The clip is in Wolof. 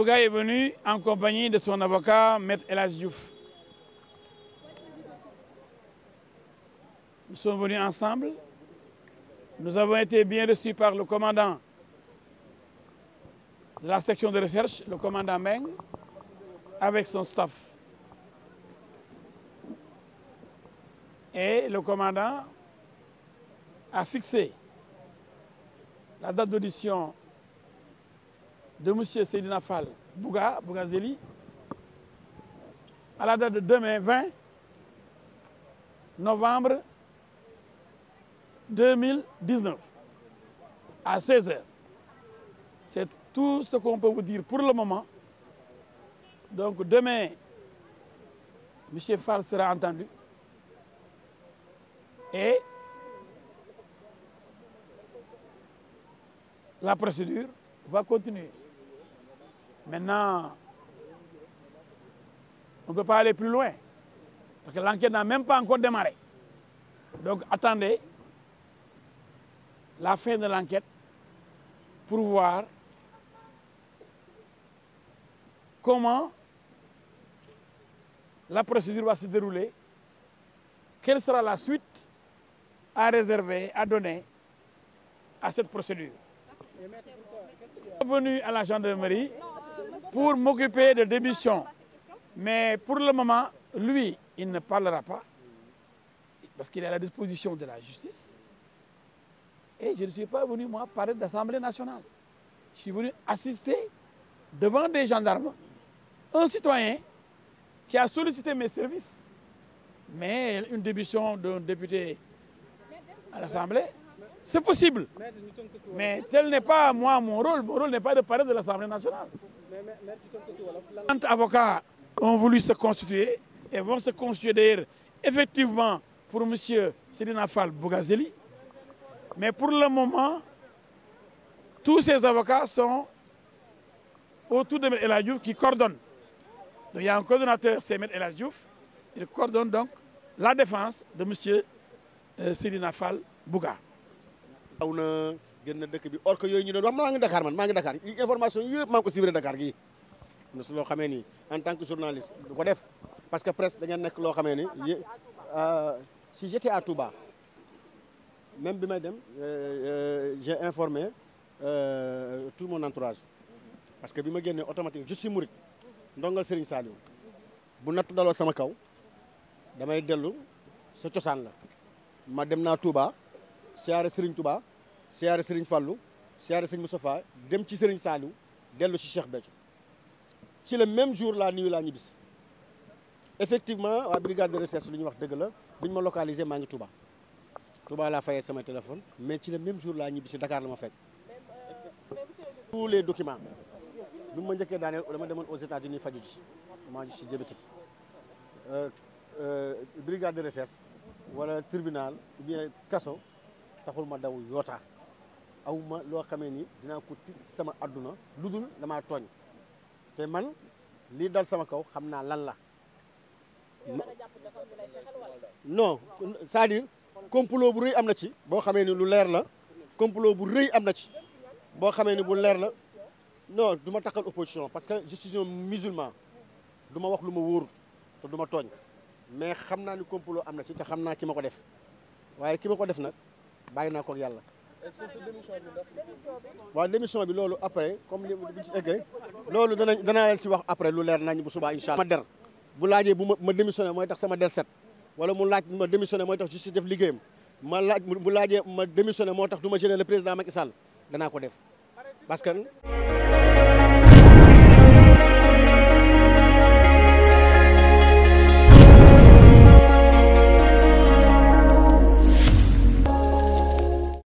Boga est venu en compagnie de son avocat, Maître Elas Diouf. Nous sommes venus ensemble. Nous avons été bien reçus par le commandant de la section de recherche, le commandant Meng, avec son staff. Et le commandant a fixé la date d'audition de M. Seydina fal Bouga, Bougazeli, à la date de demain 20 novembre 2019 à 16h. C'est tout ce qu'on peut vous dire pour le moment. Donc demain, monsieur Fall sera entendu. Et la procédure va continuer. Maintenant, on ne peut pas aller plus loin. Parce que l'enquête n'a même pas encore démarré. Donc attendez la fin de l'enquête pour voir comment la procédure va se dérouler, quelle sera la suite à réserver, à donner à cette procédure. Bienvenue à la gendarmerie. pour m'occuper de démission. Mais pour le moment, lui, il ne parlera pas parce qu'il est à la disposition de la justice. Et je ne suis pas venu, moi, parler d'Assemblée nationale. Je suis venu assister devant des gendarmes un citoyen qui a sollicité mes services. Mais une démission d'un député à l'Assemblée, C'est possible. Mais tel n'est pas moi mon rôle. Mon rôle n'est pas de parler de l'Assemblée nationale. Quand avocats ont voulu se constituer et vont se constituer d'ailleurs effectivement pour M. Sedina Fall Bougazeli. Mais pour le moment, tous ces avocats sont autour de M. Eladjouf qui coordonne. Donc il y donc la défense de monsieur euh, Sedina Fall Bouga. aw na gën dëkk bi or que yooyu ñu doon wax maa ngi Dakar man ma ngi Dakar information yëpp maa ngi ko suivre Dakar gii am loo xamee ni en tant que journaliste du ko def parce que presse dañu nekk loo xamee ni euh, si j'étais à Touba même bi may dem euh, euh, j'ai informé euh, tout mon entourage parce que bi ma génnee automatique je suis mouride ndongal Serigne Saliou bu nattu daloo sama kaw damay dellu sa cosaan la ma dem naa Touba siyaare Serigne Touba siyaare sëriñ Fallou siyaare sëriñ Moustapha dem ci sëriñ Saliou dellu ci Cheikh Béthio ci le même jour la nuit laa ñibbisi effectivement waa brigade de recherche lu ñuy wax dëgg la bu ñu ma localisé maa ngi Touba Touba laa fayee sama téléphone mais ci le même jour laa ñibbisi dakaar la ma fekk tous les documents bi ma njëkkee daaneel dama demoon aux États-Unis faju ji maa ngi ci diabétique euh, euh, brigade de recherche wala tribunal ou bien kaso taxul ma daw yoota aw ma loo xamee ni dinaa ko tiit sama àdduna lu dul damaa tooñ te man lii dal sama kaw xam naa lan la no c'est-à-dire bu rëy am na ci boo xamee ni lu leer la complot bu rëy am na ci boo xamee ni bu leer na non du ma taxal opposition parce que je suis un musulman du ma wax lu ma wóorut te du ma tooñ mais xam naa ni complot am na ci te xam naa ki ma ko def waaye ki ma ko def nag bàyyi naa ko yàlla. waa démission bi loolu après comme li bu ci eggee loolu danañ dana leen si wax après lu leer nañ bu subaa incha allah. ma der bu laajee bu ma ma démissionné mooy tax sama der set wala mu laaj ma démissionné mooy tax justice def liggéeyam ma laaj bu laajee ma démissionné moo tax du ma gêner le président Macky Sall danaa ko def parce que.